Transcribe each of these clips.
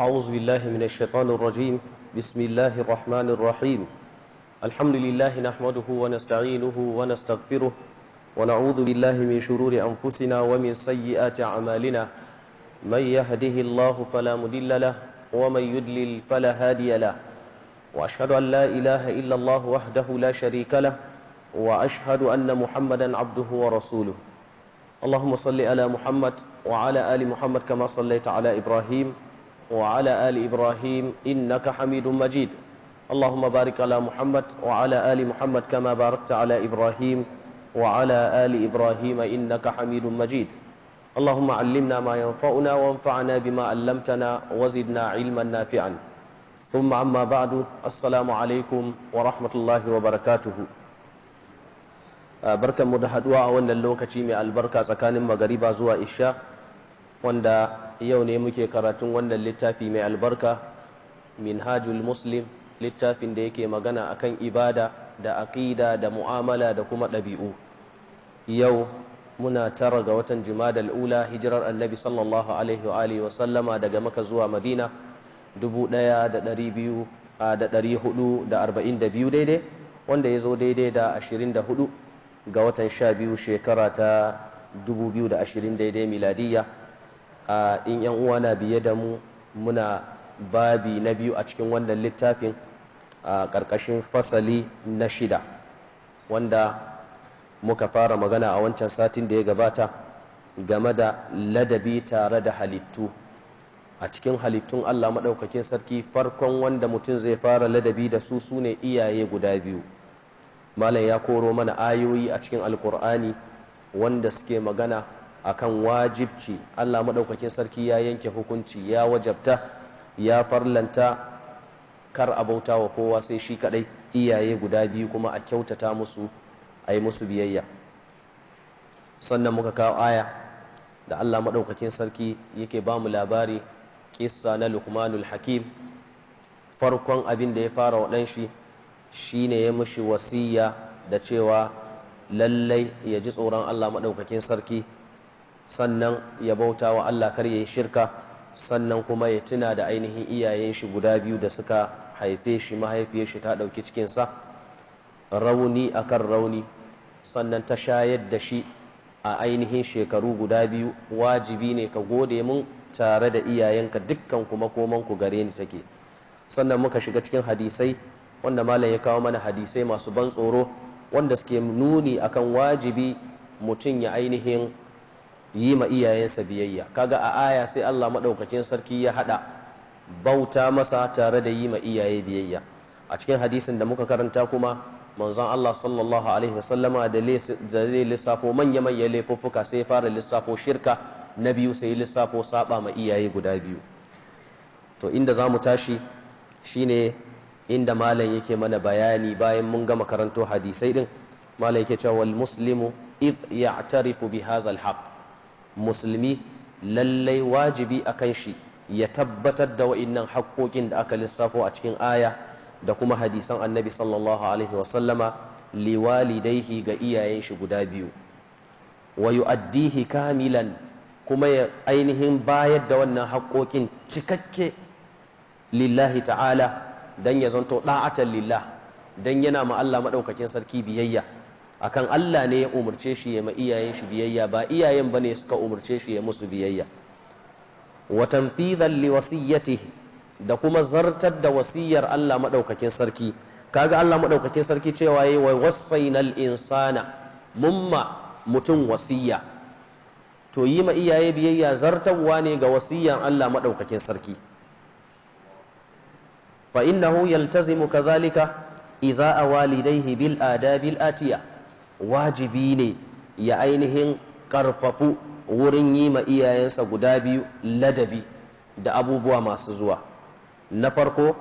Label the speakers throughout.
Speaker 1: أعوذ بالله من الشيطان الرجيم بسم الله الرحمن الرحيم الحمد لله نحمده ونستعينه ونستغفره ونعوذ بالله من شرور أنفسنا ومن سيئات أعمالنا من يهده الله فلا مدل له ومن يدلل فلا هادي له وأشهد أن لا إله إلا الله وحده لا شريك له وأشهد أن محمدا عبده ورسوله اللهم صل على محمد وعلى آل محمد كما صليت على إبراهيم وعلى آل إبراهيم إنك حميد مجيد اللهم بارك على محمد وعلى آل محمد كما باركت على إبراهيم وعلى آل إبراهيم إنك حميد مجيد اللهم علمنا ما ينفعنا وانفعنا بما علمتنا وزدنا علما نافعا ثم أما بعد السلام عليكم ورحمة الله وبركاته barkan mu da haduwa a wannan lokaci mai albarka tsakanin magariba zuwa isha wanda yau ne muke karatun wannan littafi mai albarka minhajul muslim littafin da yake magana a kan ibada da aƙida da mu'amala da kuma ɗabi'u yau muna tara ga watan jumadal ula hijirar annabi sallallahu alaihi wa wa sallama daga maka zuwa madina dubu daidai wanda ya zo daidai da ashirin ga watan sha shekara ta dubu biyu daidai miladiyya in yan uwa na biye da mu muna babi na biyu a cikin wannan littafin a ƙarƙashin fasali na shida wanda muka fara magana a wancan satin da ya gabata game da ladabi tare da halittu a cikin halittun allah maɗaukakin sarki farkon wanda mutum zai fara ladabi da su su ne iyaye guda biyu malam ya koro mana ayoyi a cikin alkur'ani wanda suke magana akan wajibci Allah maɗaukakin sarki ya yanke hukunci ya wajabta ya farlanta kar a bauta wa kowa sai shi kaɗai iyaye guda biyu kuma a kyautata musu a yi musu biyayya sannan muka kawo aya da Allah maɗaukakin sarki yake ba mu labari kissa na lukmanul hakim farkon abin da ya fara wa shi shi ne ya mushi wasiya da cewa lallai ya ji tsoron Allah maɗaukakin sarki sannan ya bauta wa Allah kar ya yi shirka sannan kuma ya tuna da ainihin iyayen shi guda biyu da suka haife shi mahaifiyar shi ta ɗauki cikinsa rauni akan rauni sannan ta shayar da shi a ainihin shekaru guda biyu wajibi ne ka gode mun tare da iyayenka dukkan kuma koman ku gare ni take sannan muka shiga cikin hadisai wanda malam ya kawo mana hadisai masu ban tsoro wanda suke nuni akan wajibi mutum ya ainihin yi ma iyayensa biyayya kaga a aya sai Allah maɗaukakin sarki ya haɗa bauta masa tare da yi ma iyaye biyayya a cikin hadisin da muka karanta kuma manzon Allah sallallahu alaihi wasallama da zai lissafo manya manya laifuffuka sai fara lissafo shirka na biyu sai lissafo saba ma iyaye guda biyu to inda zamu tashi shine inda malam yake mana bayani bayan mun gama karanto hadisai din malam yake cewa wal muslimu idh ya'tarifu bi hadzal haqq musulmi lallai wajibi a kan shi ya tabbatar da wa'innan haƙoƙin da aka lissafo a cikin aya da kuma hadisan annabi sallallahu alaihi wasallama liwalidaihi ga iyayen shi guda biyu wa yu'addihi kamilan kuma ya ainihin bayar da wannan haƙoƙin cikakke lillahi ta'ala dan ya zanto ɗa'atan lillah dan yana ma Allah madaukakin sarki biyayya akan Allah ne ya umarce shi ya ma iyayen shi biyayya ba iyayen bane suka umarce shi ya musu biyayya wa tanfidhan li wasiyyatihi da kuma zartar da wasiyar Allah madaukakin sarki kaga Allah madaukakin sarki cewa yayi wa wasainal insana mumma mutum wasiyya to yi ma iyaye biyayya zartarwa ne ga wasiyyan Allah madaukakin sarki fa innahu yaltazimu kadhalika iza walidaihi bil adabil atiya wajibi ne ya ainihin ƙarfafu wurin yi ma iyayensa guda biyu ladabi da abubuwa masu zuwa na farko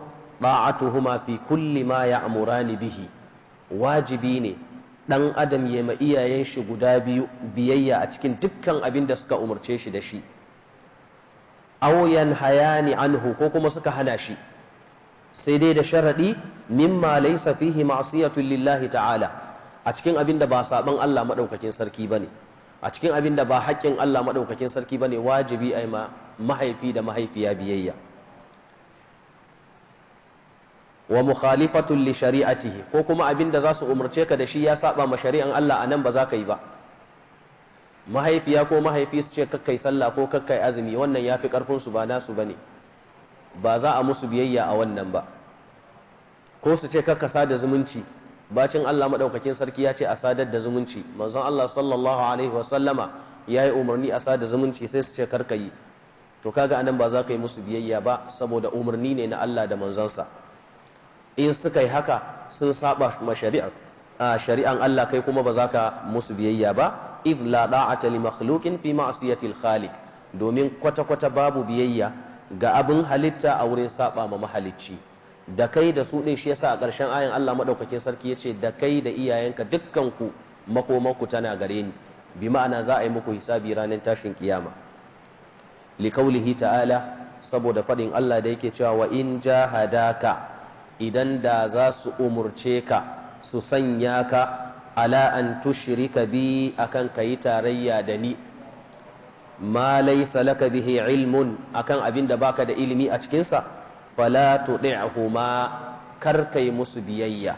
Speaker 1: huma fi kulli ma ya amurani bihi wajibi ne ɗan adam ya ma iyayen shi guda biyu biyayya a cikin dukkan abin da suka umarce shi da shi auyan hayani anhu ko kuma suka hana shi sai dai da sharaɗi mimma laisa fihi ma'siyatun lillahi ta'ala a cikin abin da ba saban Allah maɗaukakin sarki ba ne a cikin abin da ba haƙƙin Allah maɗaukakin sarki ba ne wajibi a ma mahaifi da mahaifiya biyayya wa mukhalifatun li shari'atihi ko kuma abin da za su umarce ka da shi ya saba ma shari'an Allah a nan ba za ka yi ba mahaifiya ko mahaifi su ce kakkai sallah ko kakkai azumi wannan ya fi ƙarfin su ba nasu ba ne ba za a musu biyayya a wannan ba ko su ce kakkasa sada zumunci bacin Allah maɗaukakin sarki ya ce a sadar da zumunci manzon Allah sallallahu alaihi wasallama ya yi umarni a sadar zumunci sai su ce karka yi to kaga anan ba za ka yi musu biyayya ba saboda umarni ne na Allah da manzansa in suka yi haka sun saba ma shari'a a shari'an Allah kai kuma ba za ka musu biyayya ba id la da'ata li makhluqin fi ma'siyatil khaliq domin kwata-kwata babu biyayya ga abin halitta a wurin saba ma mahalicci da kai da su ɗin shi yasa a ƙarshen ayan Allah maɗaukakin sarki ya ce da kai da iyayenka dukkanku makomanku tana gare ni bi ma'ana za a yi muku hisabi ranar tashin kiyama likaulihi ta'ala saboda faɗin Allah da yake cewa wa in jahadaka idan da za su umurce ka su sanya ka ala an tushrika bi akan kayi tarayya da ni ma laysa laka bihi ilmun akan abin da baka da ilimi a cikinsa fala homa kar kai musu biyayya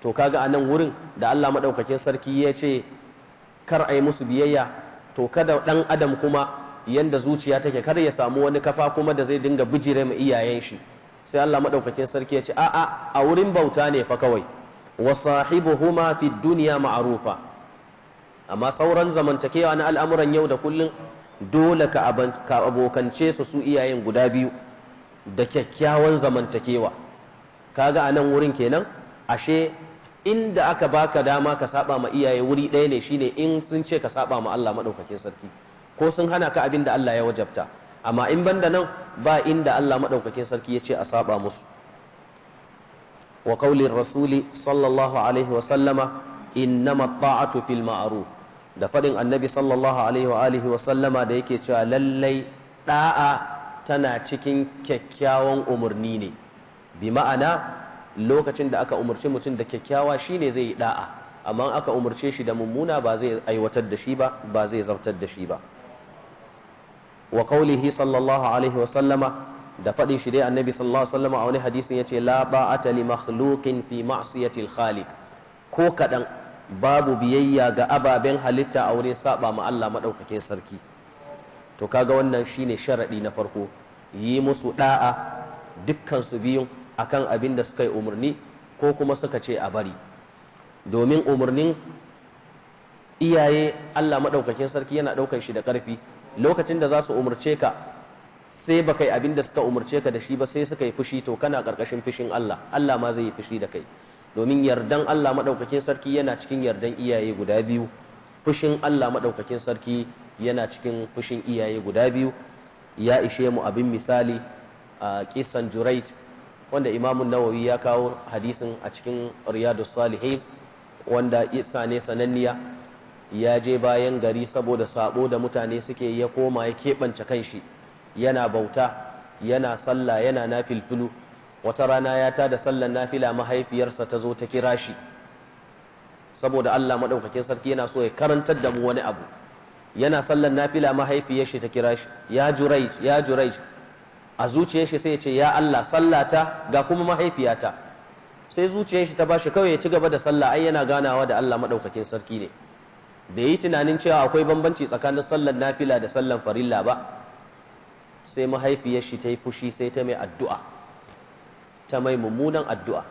Speaker 1: to kaga a nan wurin da Allah maɗaukakin sarki ya ce kar a yi musu biyayya to kada ɗan adam kuma yadda zuciya take kar ya samu wani kafa kuma da zai dinga bijire iyayen shi sai Allah maɗaukakin sarki ya ce a'a a wurin bauta ne fa kawai wa sahibuhuma fid duniya ma'arufa amma sauran zamantakewa na al'amuran yau da kullun dole ka abokance su su iyayen guda biyu da kyakkyawan zamantakewa kaga a nan wurin kenan ashe inda aka baka dama ka saba ma iyaye wuri ɗaya ne shine in sun ce ka saba ma Allah maɗaukakin sarki ko sun hana ka abin da Allah ya wajabta amma in banda nan ba inda Allah maɗaukakin sarki ya ce a saba musu wa qaulin rasuli sallallahu alaihi wa sallama innama ta'atu fil ma'ruf da fadin annabi sallallahu alaihi wa alihi wa sallama da yake cewa lallai da'a tana cikin kyakkyawan umarni ne bi ma'ana lokacin da aka umarci mutum da kyakkyawa shine zai yi da'a amma aka umarce shi da mummuna ba zai aiwatar da shi ba ba zai zartar da shi ba wa sallallahu alaihi wa sallama da faɗin shi dai annabi sallallahu alaihi wa a wani hadisin yace la ba'ata li makhluqin fi ma'siyati al-khaliq ko kadan babu biyayya ga ababen halitta a wurin saba ma Allah madaukakin sarki to kaga wannan shine sharadi na farko yi musu da'a dukkan su biyun akan abin da suka yi umarni ko kuma suka ce a bari domin umarnin iyaye Allah maɗaukakin sarki yana ɗaukar shi da ƙarfi lokacin da za su umarce ka sai ba kai abin da suka umarce ka da shi ba sai suka yi fushi to kana ƙarƙashin fushin Allah Allah ma zai yi fushi da kai domin yardan Allah maɗaukakin sarki yana cikin yardan iyaye guda biyu fushin Allah maɗaukakin sarki yana cikin fushin iyaye guda biyu ya ishe mu abin misali a kisan jurait wanda imamun nawawi ya kawo hadisin a cikin riyadu salihin wanda isa ne sananniya ya je bayan gari saboda sabo da mutane suke ya koma ya keɓance shi yana bauta yana sallah yana nafilfilu wata rana ya tada sallan nafila mahaifiyarsa ta zo ta kira shi saboda allah maɗaukakin sarki yana so ya karantar da mu wani abu yana sallan nafila mahaifiyar shi ta kira shi ya jurai ya jurai a zuciyar shi sai ya ce ya Allah sallata ga kuma mahaifiyata sai zuciyar shi ta bashi kawai ya ci gaba da sallah ai yana ganawa da Allah madaukakin sarki ne bai yi tunanin cewa akwai bambanci tsakanin sallar nafila da sallar farilla ba sai mahaifiyar shi ta yi fushi sai ta mai addu'a ta mai mummunan addu'a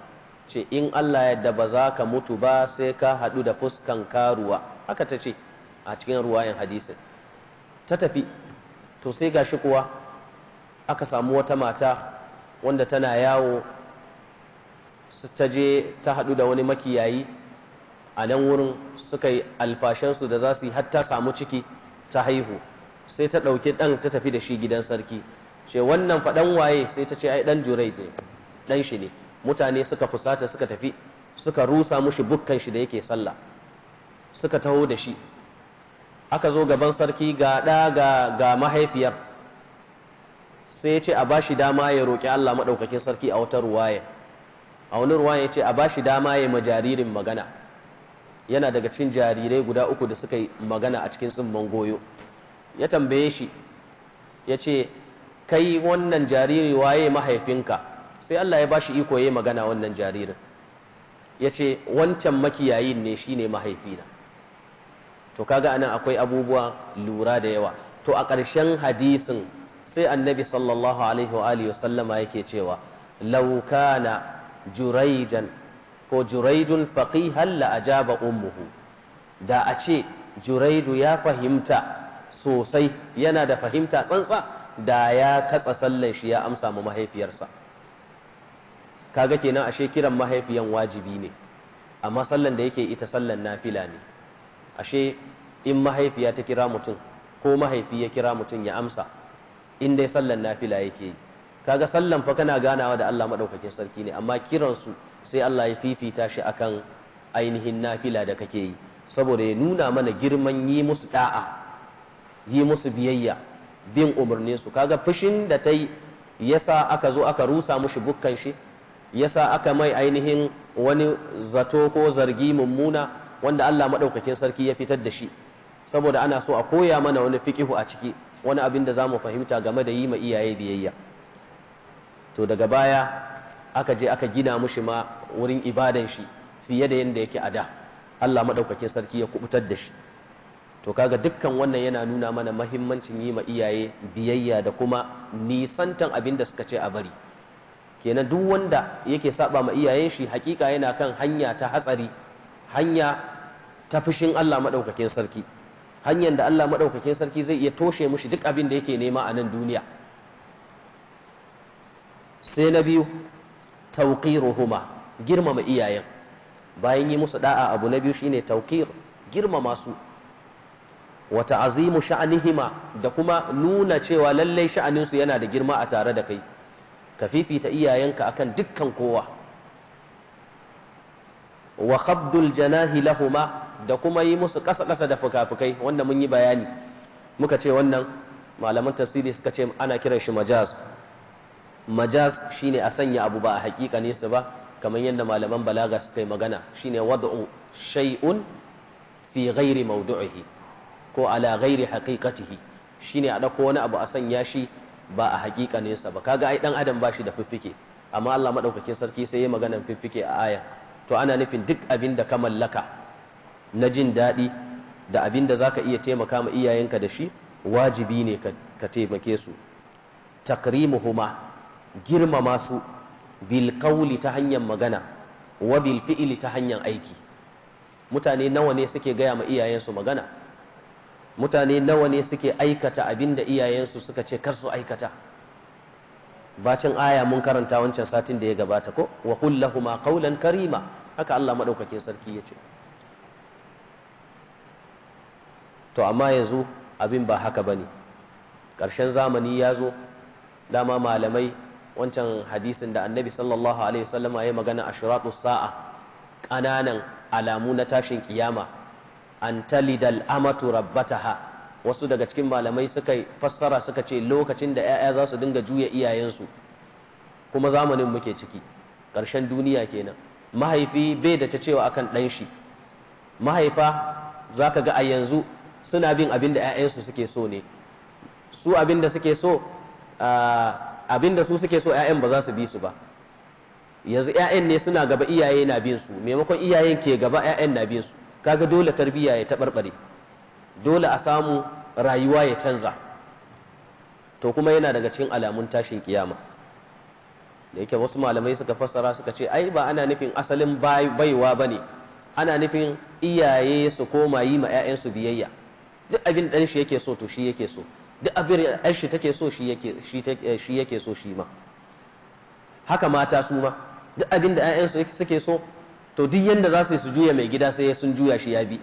Speaker 1: ce in Allah yadda ba za ka mutu ba sai ka haɗu da fuskan karuwa haka ta ce a cikin ruwayan hadisin ta tafi to sai gashi kuwa aka samu wata mata wanda tana yawo su ta je ta haɗu da wani makiyayi a nan wurin suka yi alfashensu da za su yi hatta samu ciki ta haihu sai ta ɗauki ɗan ta tafi da shi gidan sarki ce wannan faɗan waye sai ta ce ai ɗan jurai ne ɗan shi ne mutane suka fusata suka tafi suka rusa mushi bukkan shi da yake sallah suka taho da shi aka zo gaban sarki ga ɗa ga, mahaifiyar sai ya ce a bashi dama ya roƙi Allah maɗaukakin sarki a wata ruwaya a wani ruwaya ya ce a bashi dama ya ma jaririn magana yana daga cin jarirai guda uku da suka yi magana a cikin tsimman goyo ya tambaye shi ya ce kai wannan jariri waye mahaifinka sai Allah ya bashi iko ya magana wannan jaririn ya ce wancan makiyayin ne shine mahaifina to kaga anan akwai abubuwa lura da yawa to a ƙarshen hadisin sai annabi sallallahu alaihi wa alihi sallama yake cewa law kana juraijan ko juraijun faqihan la ajaba ummuhu da a ce juraiju ya fahimta sosai yana da fahimta tsantsa da ya katsa sallan shi ya amsa ma mahaifiyarsa kaga kenan ashe kiran mahaifiyan wajibi ne amma sallan da yake ita sallan nafila ne ashe in mahaifiya ta kira mutum ko mahaifi ya kira mutum ya amsa in dai sallan nafila yake yi kaga sallan fa kana ganawa da Allah madaukakin sarki ne amma kiran su sai Allah ya fifita shi akan ainihin nafila da kake yi saboda ya nuna mana girman yi musu da'a yi musu biyayya bin umarnin su kaga fushin da ta yi yasa aka zo aka rusa mushi bukkan shi yasa aka mai ainihin wani zato ko zargi mummuna wanda Allah madaukakin sarki ya fitar da shi saboda ana so a koya mana wani fiqihu a ciki wani abin da zamu fahimta game da yi ma iyaye biyayya to daga baya aka je aka gina mushi ma wurin ibadan shi fiye da yanda yake a da Allah madaukakin sarki ya kubutar da shi to kaga dukkan wannan yana nuna mana mahimmancin yi ma iyaye biyayya da kuma nisantan abin da suka ce a bari kenan duk wanda yake saba ma iyayen shi hakika yana kan hanya ta hatsari hanya ta fushin Allah madaukakin sarki hanyar da Allah maɗaukakin sarki zai iya toshe mushi duk abin da yake nema a nan duniya sai na biyu huma girmama iyayen bayan yi musu da'a abu na biyu shine tauqir girmama su wa ta'zimu sha'nihima da kuma nuna cewa lallai sha'anin su yana da girma a tare da kai ka fifita iyayenka akan dukkan kowa wa khabdul janahi lahuma da kuma yi musu ƙasa-ƙasa da fuka wanda mun yi bayani muka ce wannan malaman tafsiri suka ce ana kiran shi majaz majaz shine a sanya abu ba a hakika nesa ba kamar yadda malaman balaga suka yi magana shine wad'u shay'un fi ghairi mawdu'ihi ko ala ghairi haqiqatihi shine a dauko wani abu a sanya shi ba a haƙiƙa nesa ba kaga ai dan adam ba shi da fiffike amma Allah madaukakin sarki sai ya magana fiffike a aya to ana nufin duk abin da ka mallaka na jin daɗi da abin da za ka iya taimaka ma iyayenka da shi wajibi ne ka taimake su takrimuhuma girmama su bilkauli ta hanyar magana wa bil ta hanyar aiki mutane nawa ne suke gaya ma iyayensu magana mutane nawa ne suke aikata abin da iyayensu suka ce kar su aikata bacin aya mun karanta wancan satin da ya gabata ko wa qul qawlan karima haka Allah madaukakin sarki ya ce to amma yanzu abin ba haka bane ƙarshen zamani ya zo dama malamai wancan hadisin da annabi sallallahu alaihi wasallam ya magana ashratus sa'a ƙananan alamu na tashin kiyama an talidal amatu rabbataha wasu daga cikin malamai suka fassara suka ce lokacin da 'ya'ya za su dinga juya iyayensu kuma zamanin muke ciki ƙarshen duniya kenan mahaifi bai da ta cewa akan ɗan shi mahaifa za ka ga a yanzu suna bin abin da 'ya'yansu suke so ne su abin da suke so abin da su suke so 'ya'yan ba za su bi su ba yanzu 'ya'yan ne suna gaba iyaye na bin su maimakon iyayen ke gaba 'ya'yan na bin su kaga dole tarbiyya ya taɓarɓare dole a samu rayuwa ya canza to kuma yana daga cikin alamun tashin kiyama da yake wasu malamai suka fassara suka ce ai ba ana nufin asalin baiwa ba ne ana nufin iyaye su koma yi ma 'ya'yansu biyayya duk abin da shi yake so to shi yake so duk abin da shi take so eh, shi yake so shi ma haka mata su ma duk abin da ƴaƴansu suke so to duk yanda za su su juya mai gida sai sun juya shi ya bi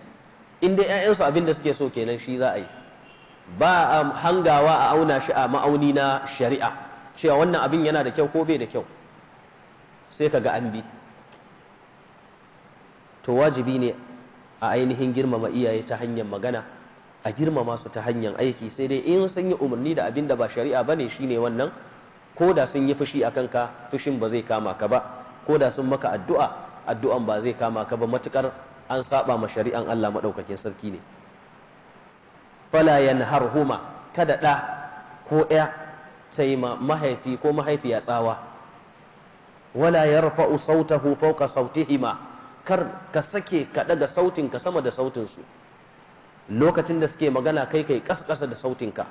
Speaker 1: in dai ƴaƴansu abin da suke so kenan shi za a yi ba a hangawa a auna shi a ma'auni na shari'a cewa wannan abin yana da kyau ko bai da kyau sai ka ga an bi to wajibi ne a ainihin girmama iyaye ta hanyar magana a girmama su ta hanyar aiki sai dai in sun yi umarni da abin da ba shari'a ba ne shine wannan ko da sun yi fushi a kanka fushin ba zai kama ka ba ko da sun maka addu'a addu'an ba zai kama ka ba matukar an saba ma shari'an Allah maɗaukakin sarki ne fala huma kada da ko ɗaya sai ma mahaifi ko mahaifiya tsawa wala yarfa'u sautahu fawqa sautihima kar ka sake ka daga sautin ka sama da sautin su lokacin da suke magana kai kai kaskasa da sautinka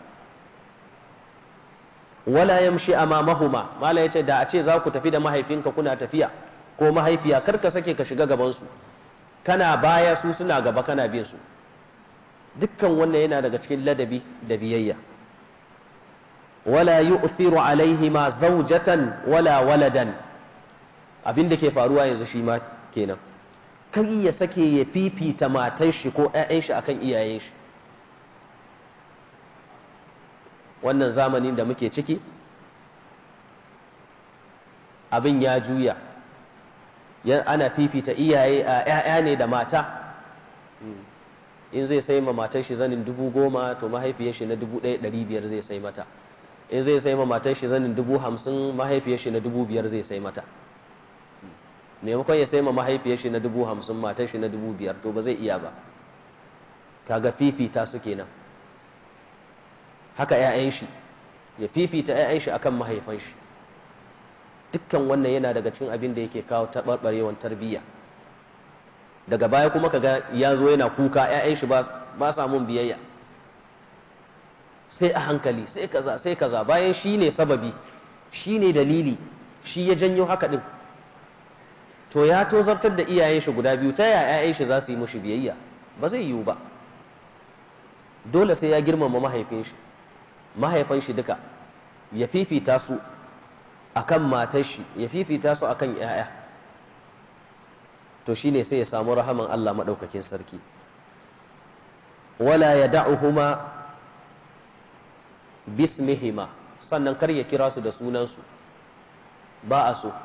Speaker 1: wala yamshi amamahuma mala yace da a ce za ku tafi da mahaifinka kuna tafiya ko mahaifiya kar ka sake ka shiga gaban su kana baya su suna gaba kana bin su dukkan wannan yana daga cikin ladabi da biyayya wala yu'thiru alaihima zawjatan wala waladan abin da ke faruwa yanzu shi ma kenan kar ya sake ya fifita matan shi ko 'ya'yan shi akan iyayen shi wannan zamanin da muke ciki abin ya juya ana fifita iyaye a 'ya'ya ne da mata in zai sai ma matan shi zanin dubu goma to mahaifiyar shi na dubu ɗaya ɗari biyar zai sai mata in zai sai ma matan shi zanin dubu hamsin mahaifiyar shi na dubu biyar zai sai mata maimakon ya sai ma mahaifiyar shi na dubu hamsin matar shi na dubu biyar to ba zai iya ba kaga fifita su kenan haka 'ya'yan shi ya fifita 'ya'yan shi akan mahaifan shi dukkan wannan yana daga cikin abin da yake kawo taɓarɓarewan tarbiyya daga baya kuma kaga ya zo yana kuka 'ya'yan shi ba sa mun biyayya sai a hankali sai kaza sai kaza bayan shi ne sababi shi ne dalili shi ya janyo haka din to ya tozartar da iyayen shi guda biyu ta yaya 'ya'yan shi za su yi mushi biyayya ba zai yiwu ba dole sai ya girmama mahaifin shi mahaifan shi duka ya fifita su akan matar shi ya fifita su akan 'ya'ya to shine sai ya samu rahaman Allah maɗaukakin sarki wala ya da'u da'uhuma bismihima sannan kar ya kira su da sunansu ba a so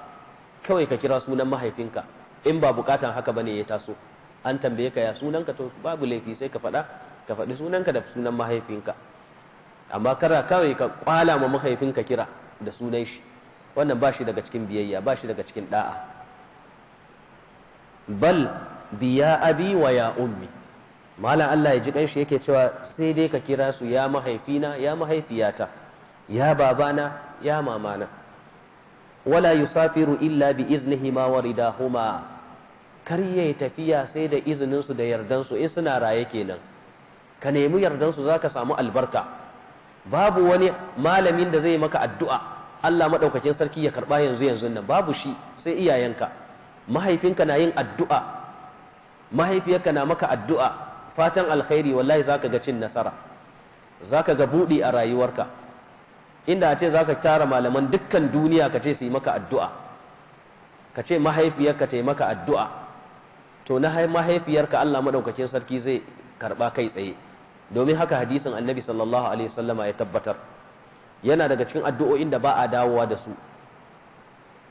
Speaker 1: kawai ka kira sunan mahaifinka in ba bukatan haka bane ya taso an tambaye ka ya sunanka to babu laifi sai ka faɗa ka faɗi sunanka da sunan mahaifinka amma kara kawai ka kwala ma mahaifinka kira da sunan shi wannan ba shi daga cikin biyayya ba shi daga cikin da'a bal biya abi wa ya ummi malam Allah ya ji kanshi yake cewa sai dai ka kira su ya mahaifina ya mahaifiyata ya babana ya mamana wala yusafiru illa bi iznihi ma waridahuma kar yayi tafiya sai da izininsu su da yardan su in suna raye kenan ka nemi yardan su zaka samu albarka babu wani malamin da zai maka addu'a Allah madaukakin sarki ya karba yanzu yanzu nan babu shi sai iyayenka mahaifinka na yin addu'a mahaifiyarka na maka addu'a fatan alkhairi wallahi zaka ga cin nasara zaka ga budi a rayuwarka inda a ce za ka tara malaman dukkan duniya ka ce su yi maka addu'a ka ce mahaifiyarka ta maka addu'a to na mahaifiyarka Allah maɗaukakin sarki zai karɓa kai tsaye domin haka hadisin annabi sallallahu alaihi wasallama ya tabbatar yana daga cikin addu'o'in da ba a dawowa da su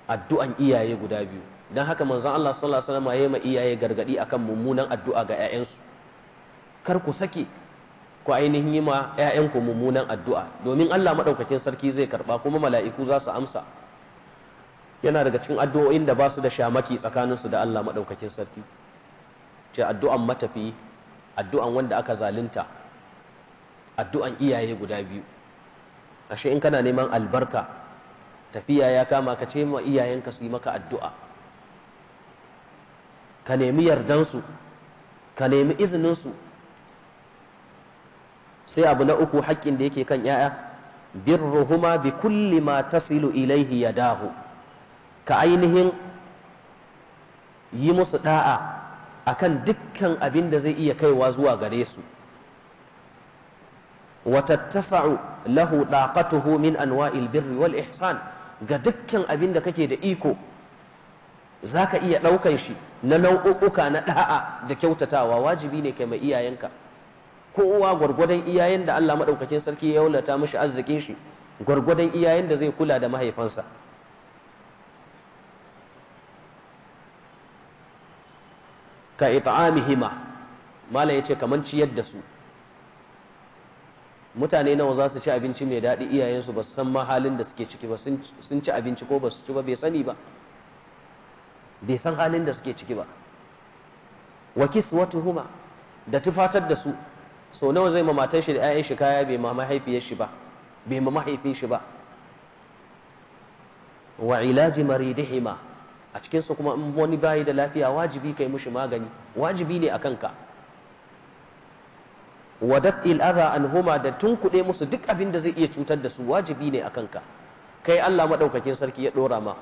Speaker 1: addu'an iyaye guda biyu don haka manzon Allah sallallahu alaihi wasallama ya yi ma iyaye gargaɗi akan mummunan addu'a ga 'ya'yansu kar ku sake ku ainihin yi ma 'ya'yanku mummunan addu'a domin Allah maɗaukakin sarki zai karɓa kuma mala'iku za su amsa yana daga cikin addu'o'in da ba su da shamaki tsakaninsu da Allah maɗaukakin sarki ce addu'an matafi addu'an wanda aka zalunta addu'an iyaye guda biyu ashe in kana neman albarka tafiya ya kama ka ce ma iyayenka su yi maka addu'a ka nemi yardansu ka nemi izininsu sai abu na uku haƙƙin da yake kan 'ya'ya birruhuma bi kulli ma tasilu ilaihi dahu ka ainihin yi musu da'a akan dukkan abin da zai iya kaiwa zuwa gare su watattasa'u lahu daqatuhu min anwa'il birri wal ihsan ga dukkan abin da kake da iko zaka iya ɗaukan shi na nau'uka na ɗa'a da kyautatawa wajibi ne kai mai iyayenka kowa gwargwadon iyayen da Allah maɗaukakin sarki ya wulata mashi arzikin shi gwargwadon iyayen da zai kula da mahaifansa ka it'amihima malam yace kaman ciyar da su mutane nawa za su ci abinci mai daɗi iyayensu ba su san ma halin da suke ciki ba sun ci abinci ko ba su ci ba bai sani ba bai san halin da suke ciki ba wa kiswatuhuma da tufatar da su so nawa zai ma shi da 'ya'yan shi kaya bai ma mahaifiyar shi ba bai ma mahaifin shi ba wa ilaji maridihima a cikin su kuma in wani bayi da lafiya wajibi kai mushi magani wajibi ne akan ka wa daf'il adha anhuma da tunkuɗe musu duk abin da zai iya cutar da su wajibi ne akan ka kai Allah madaukakin sarki ya dora ma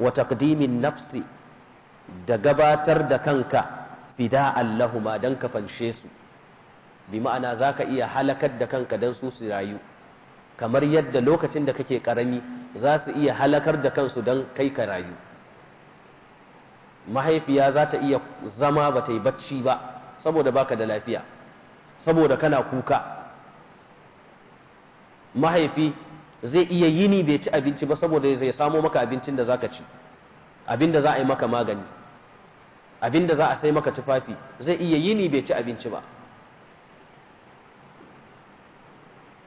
Speaker 1: wa taqdimin nafsi da gabatar da kanka fida'an lahuma don ka fanshe su bi ma'ana za ka iya halakar da kanka don su su rayu kamar yadda lokacin da kake karami za su iya halakar da kansu don kai ka rayu mahaifiya za ta iya zama ba ta yi bacci ba saboda baka da lafiya saboda kana kuka mahaifi zai iya yini bai ci abinci ba saboda zai samo maka abincin da za ka ci abin da za a yi maka magani abinda za a sai maka tufafi zai iya yini bai ci abinci ba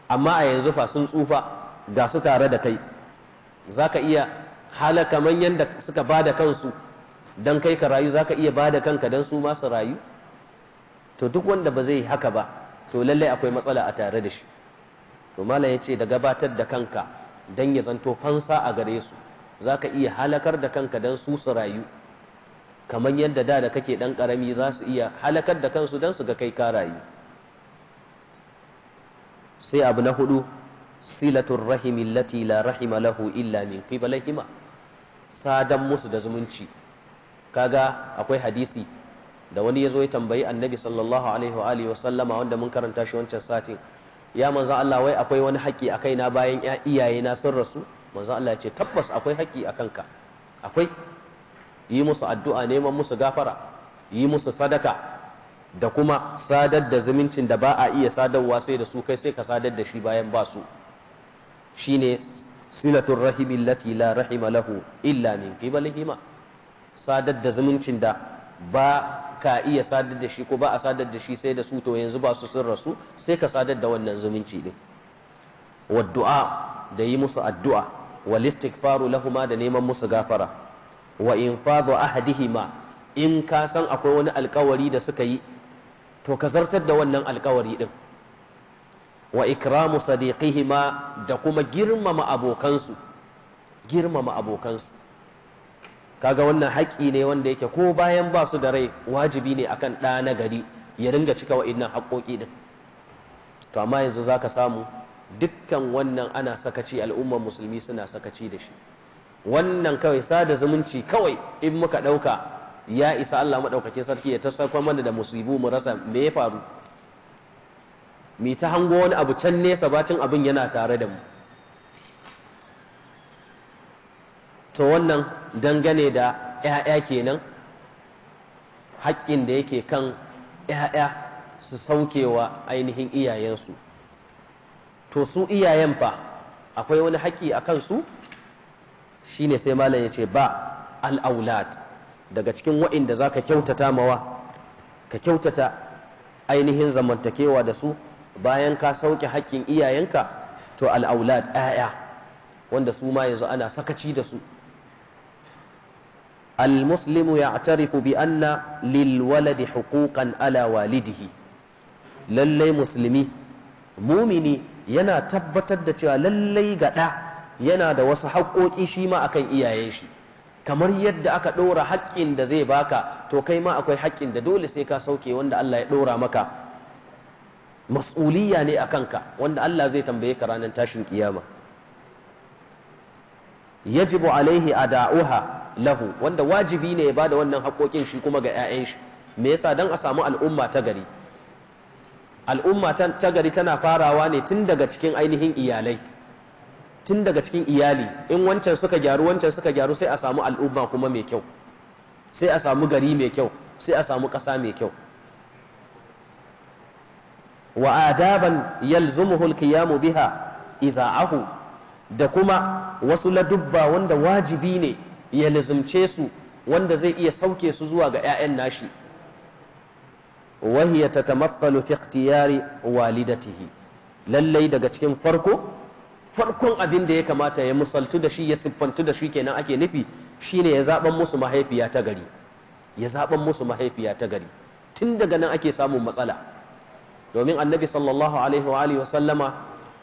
Speaker 1: amma a yanzu fa sun tsufa ga su tare da kai za ka iya halaka manyan da suka ba da kansu don kai ka rayu za ka iya ba da kanka don su masu rayu to duk wanda ba zai haka ba to lallai akwai matsala a tare da shi to malam ya ce da gabatar da kanka don ya zanto fansa a gare su za ka iya halakar da kanka don su su rayu kamar yadda da da kake dan karami za su iya halakar da kansu don su ga kai karayi sai abu na hudu silatun rahimin lati la rahima lahu illa min qibalihima sadan musu da zumunci kaga akwai hadisi da wani ya zo ya tambayi annabi sallallahu alaihi wa alihi wa sallama wanda mun karanta shi wancan satin ya manzo Allah wai akwai wani haƙƙi a kaina bayan iyaye na sun rasu manzo Allah ya ce tabbas akwai haƙƙi a kanka akwai yi musu addu'a neman musu gafara yi musu sadaka da kuma sadar da zumuncin da ba a iya sadarwa sai da su kai sai ka sadar da shi bayan ba su shine silatul rahimi lati la rahima lahu illa min qibalihima sadar da zumuncin da ba ka iya sadar da shi ko ba a sadar da shi sai da su to yanzu ba su sun rasu sai ka sadar da wannan zumunci din wa du'a da yi musu addu'a wal istighfaru lahuma da neman musu gafara wa in fadu ahadihima in ka san akwai wani alkawari da suka yi to ka zartar da wannan alkawari din wa ikramu sadiqihima da kuma girmama abokansu girmama abokansu kaga wannan haƙƙi ne wanda yake ko bayan ba su da rai wajibi ne akan ɗa na gari ya dinga cika wa'innan haƙƙoƙi din to amma yanzu zaka samu dukkan wannan ana sakaci al'ummar musulmi suna sakaci da shi wannan kawai sada zumunci kawai in muka ɗauka ya isa Allah maɗaukakin sarki ya tasakwa mana da musibu mu rasa me ya faru mi ta hango wani abu can nesa bacin abin yana tare da mu to wannan dangane da 'ya'ya kenan haƙƙin da yake kan 'ya'ya su saukewa ainihin iyayensu to su iyayen fa akwai wani haƙƙi a kansu shine sai malam ya ce ba al'aulat daga cikin wa'inda za ka kyautata mawa ka kyautata ainihin zamantakewa da su bayan ka sauke haƙƙin iyayenka to al'aulat ɗaya wanda su ma yanzu ana sakaci da su ya المسلم bi anna lilwaladi hukukan ala walidihi lallai musulmi mumini yana tabbatar da cewa lallai ga ɗa yana da wasu haƙoƙi shi ma akan iyayen shi kamar yadda aka ɗora haƙƙin da zai baka to kai ma akwai haƙƙin da dole sai ka sauke wanda Allah ya ɗora maka mas'uliya ne a kanka wanda Allah zai tambaye ka ranar tashin kiyama yajibu alaihi ada'uha lahu wanda wajibi ne ya bada wannan haƙoƙin shi kuma ga 'ya'yan shi me yasa dan a samu al'umma ta gari al'umma ta gari tana farawa ne tun daga cikin ainihin iyalai tun daga cikin iyali in wancan suka gyaru wancan suka gyaru sai a samu al'umma kuma mai kyau sai a samu gari mai kyau sai a samu ƙasa mai kyau wa adaban yalzumuhu alqiyamu biha iza'ahu da kuma wasu ladubba wanda wajibi ne ya lizumce su wanda zai iya sauke su zuwa ga 'ya'yan nashi wahiya ta fi ikhtiyari walidatihi lallai daga cikin farko farkon abin da ya kamata ya musaltu da shi ya siffantu da shi kenan ake nufi shine ya zaben musu mahaifiya ta gari ya zaben musu mahaifiya ta gari tun daga nan ake samun matsala domin annabi sallallahu alaihi wa alihi sallama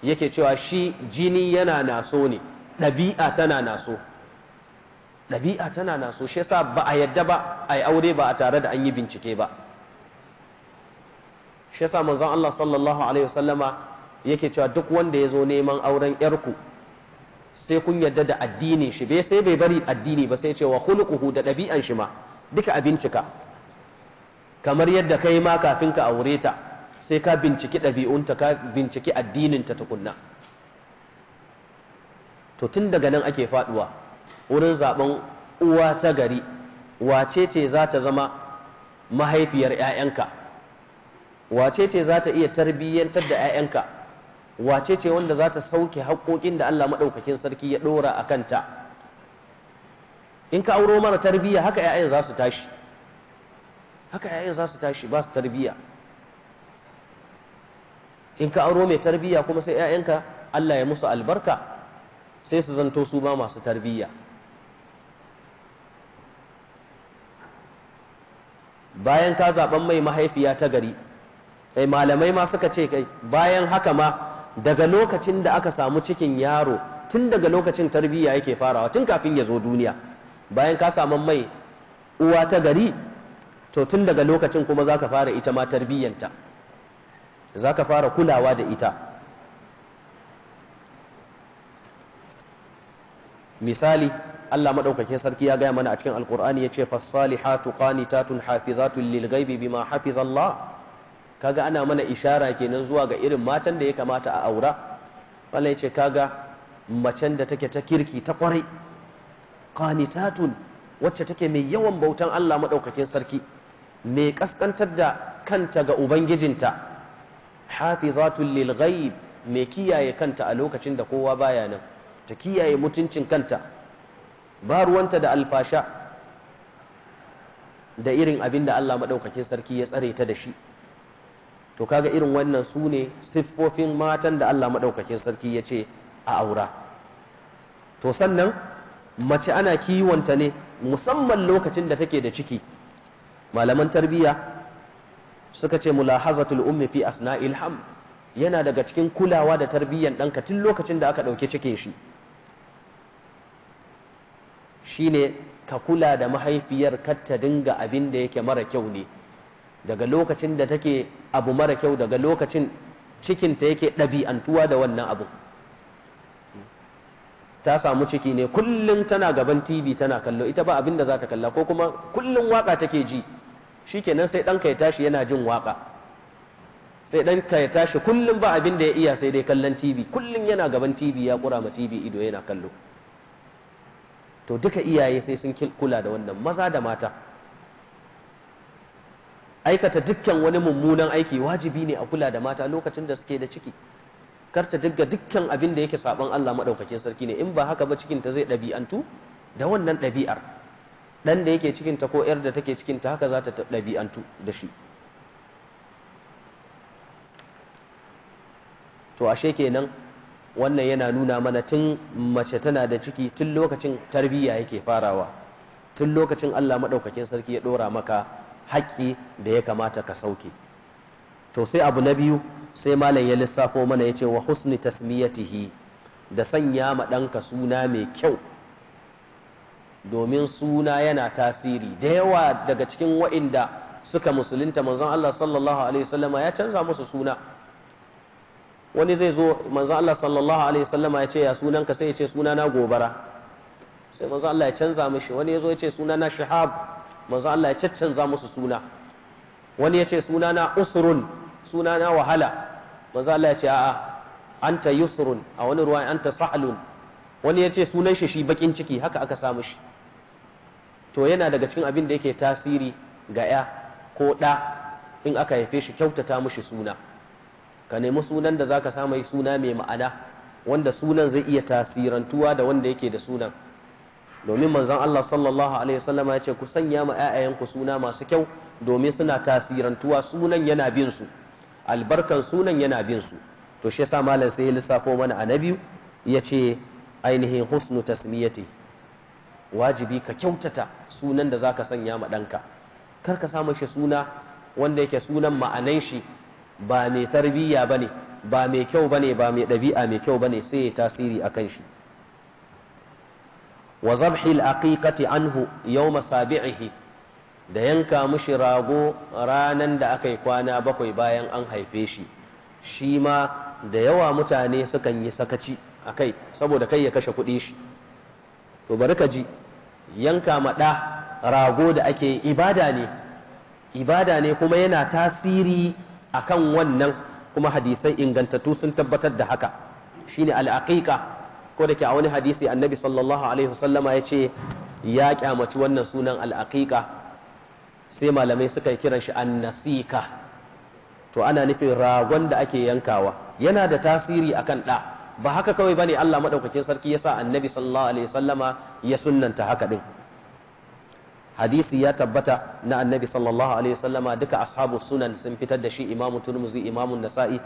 Speaker 1: yake cewa shi jini yana naso ne ɗabi'a tana naso ɗabi'a tana naso shi yasa ba a yadda ba a yi aure ba a tare da an yi bincike ba shi yasa manzon Allah sallallahu alaihi wa sallama yake cewa duk wanda ya zo neman auren yarku sai kun yarda da addini shi bai sai bai bari addini ba sai cewa hulukuhu da ɗabi'an shi ma duka a bincika kamar yadda kai ma kafin ka aure ta sai ka binciki ɗabi'unta ka binciki addininta tukunna to tun daga nan ake faduwa wurin zaben uwa ta gari wace ce za ta zama mahaifiyar 'ya'yanka wace ce za ta iya tarbiyyantar da 'ya'yanka wace ce wanda za ta sauke haƙoƙin da Allah maɗaukakin sarki ya ɗora a kanta in ka auro mara tarbiyya haka 'ya'yan za su tashi haka 'ya'yan za su tashi ba su tarbiyya in ka auro mai tarbiyya kuma sai 'ya'yanka Allah ya musu albarka sai su zanto su ba masu tarbiyya bayan ka zaɓen mai mahaifiya ta gari eh, malamai ma suka ce kai bayan haka ma daga lokacin da aka samu cikin yaro tun daga lokacin tarbiyya yake farawa tun kafin ya zo duniya bayan ka samu mai uwa ta gari to tun daga lokacin kuma za ka fara ita ma tarbiyyanta za ka fara kulawa da ita misali Allah maɗaukakin sarki ya gaya mana a cikin alkur'ani ya ce fassalihatu qanitatun hafizatun lil bima bima hafizallah kaga ana mana ishara kenan zuwa ga irin matan da ya kamata a aura Allah ya ce kaga macen da take ta kirki ta kwarai qanitatun wacce take mai yawan bautan Allah madaukakin sarki mai kaskantar da kanta ga ubangijinta hafizatul lil ghaib mai kiyaye kanta a lokacin da kowa baya nan ta kiyaye mutuncin kanta ba ruwanta da alfasha da irin abin da Allah madaukakin sarki ya tsare ta da shi to kaga irin wannan su ne siffofin matan da Allah maɗaukakin sarki ya ce a aura to sannan mace ana kiwonta ne musamman lokacin da take da ciki malaman tarbiyya suka ce mulahazatul ummi fi asna ham yana daga cikin kulawa da tarbiyyan ɗanka tun lokacin da aka ɗauki cikin shi shine ka kula da mahaifiyar kar ta dinga abin da yake mara kyau ne daga lokacin da take abu mara kyau daga lokacin cikinta yake ɗabi'antuwa da wannan abu ta samu ciki ne kullum tana gaban tv tana kallo ita ba abin da za ta kalla ko kuma kullum waka take ji shi kenan sai ɗanka ya tashi yana jin waka sai ɗanka ya tashi kullum ba abin da ya iya sai dai kallon tv kullum yana gaban tv ya ƙura ma tv ido yana kallo to duka iyaye sai sun kula da wannan maza da mata aikata dukkan wani mummunan aiki wajibi ne a kula da mata lokacin da suke da ciki karta dukkan dukkan abin da yake saban Allah madaukakin sarki ne in ba haka ba cikin ta zai ɗabi'antu da wannan ɗabi'ar ɗan da yake cikin ta ko yar da take cikin ta haka za ta ɗabi'antu da shi to ashe kenan wannan yana nuna mana tun mace tana da ciki tun lokacin tarbiyya yake farawa tun lokacin Allah madaukakin sarki ya ɗora maka haƙƙi da ya kamata ka sauke to sai abu na biyu sai malam ya lissafo mana ya ce wa husni tasmiyatihi da sanya ma ɗanka suna mai kyau domin suna yana tasiri da yawa daga cikin wa'inda suka musulunta manzon Allah sallallahu alaihi wasallama ya canza musu suna wani zai zo manzon Allah sallallahu alaihi wasallama ya ce ya sunanka sai ya ce suna na gobara sai manzon Allah ya canza mishi wani ya zo ya ce suna na shahab manzo Allah ya caccanza musu suna wani ya ce sunana usrun na wahala manzo Allah ya ce a'a anta yusrun a wani ruwa anta sahlun wani ya ce sunan shi shi bakin ciki haka aka samu shi to yana daga cikin abin da yake tasiri ga ya ko ɗa in aka haife shi kyautata mushi suna ka nemi sunan da zaka samu suna mai ma'ana wanda sunan zai iya tasirantuwa da wanda yake da sunan domin manzan Allah sallallahu alaihi wasallama ya ce ku sanya ma ku suna masu kyau domin suna tasirantuwa sunan yana bin su albarkan sunan yana bin su to shi yasa malam sai ya lissafo mana annabi ya ce ainihin husnu tasmiyati wajibi ka kyautata sunan da zaka sanya ma ɗanka kar ka samu shi suna wanda yake sunan ma'anan shi ba mai tarbiyya bane ba mai kyau bane ba mai ɗabi'a mai kyau bane sai ya tasiri akan shi wa zabhil aqiqati anhu yau masabi'ihi da yanka mushi rago ranan da aka yi kwana bakwai bayan an haife shi shi ma da yawa mutane sukan yi sakaci a kai saboda kai ya kashe kuɗi shi to bari ka ji yanka maɗa rago da ake ibada ne ibada ne kuma yana tasiri akan wannan kuma hadisai ingantattu sun tabbatar da haka shine al'aqiqa ko da ke a wani hadisi annabi sallallahu alaihi wasallama ya ce ya kyamaci wannan sunan al'aƙiƙa sai malamai suka yi kiran shi annasika to ana nufin ragon da ake yankawa yana da tasiri akan ɗa ba haka kawai bane Allah maɗaukakin sarki ya sa annabi sallallahu alaihi wasallama ya sunnanta haka ɗin hadisi ya tabbata na annabi sallallahu alaihi wasallama duka ashabu sunan sun fitar da shi imamu turmuzi imamun nasa'i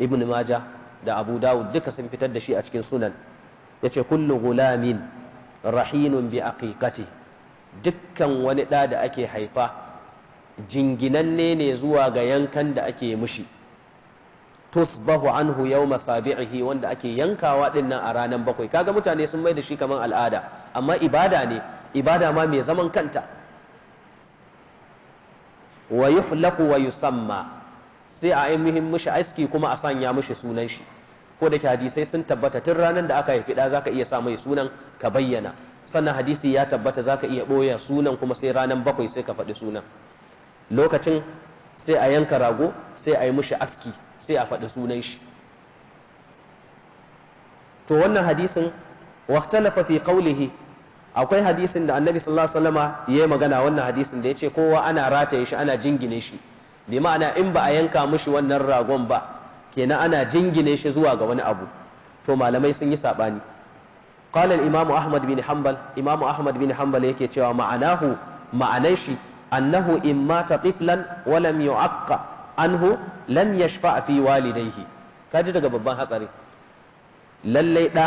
Speaker 1: ibn majah da abu dawud duka sun fitar da shi a cikin sunan ya ce kullu gulamin rahinun bi aqiqati dukkan wani ɗa da ake haifa jinginanne ne zuwa ga yankan da ake mushi tusbahu anhu yau masabi'ihi wanda ake yankawa din nan a ranar bakwai kaga mutane sun mai da shi kamar al'ada amma ibada ne ibada ma mai zaman kanta wa yuhlaku wa yusamma sai a ainihin mishi aski kuma a sanya mishi sunan shi ko da hadisai sun tabbata tun ranar da aka haifi da zaka iya sa mai sunan ka bayyana sannan hadisi ya tabbata zaka iya boya sunan kuma sai ranar bakwai sai ka faɗi sunan lokacin sai a yanka rago sai a yi mishi aski sai a faɗi sunan shi to wannan hadisin waqtalafa fi qawlihi akwai hadisin da annabi sallallahu alaihi wasallama yayi magana wannan hadisin da ya ce kowa ana rataye shi ana jingine shi bi ma'ana in ba a yanka mushi wannan ragon ba kenan ana jingine shi zuwa ga wani abu to malamai sun yi saɓani al-imam ahmad bin hanbal imam ahmad bin hanbal yake cewa ma'anahu ma'anai shi annahu in mata tiflan wa lam yu'aqqa anhu lam yashfa fi walidayhi kaji daga babban hatsari lallai da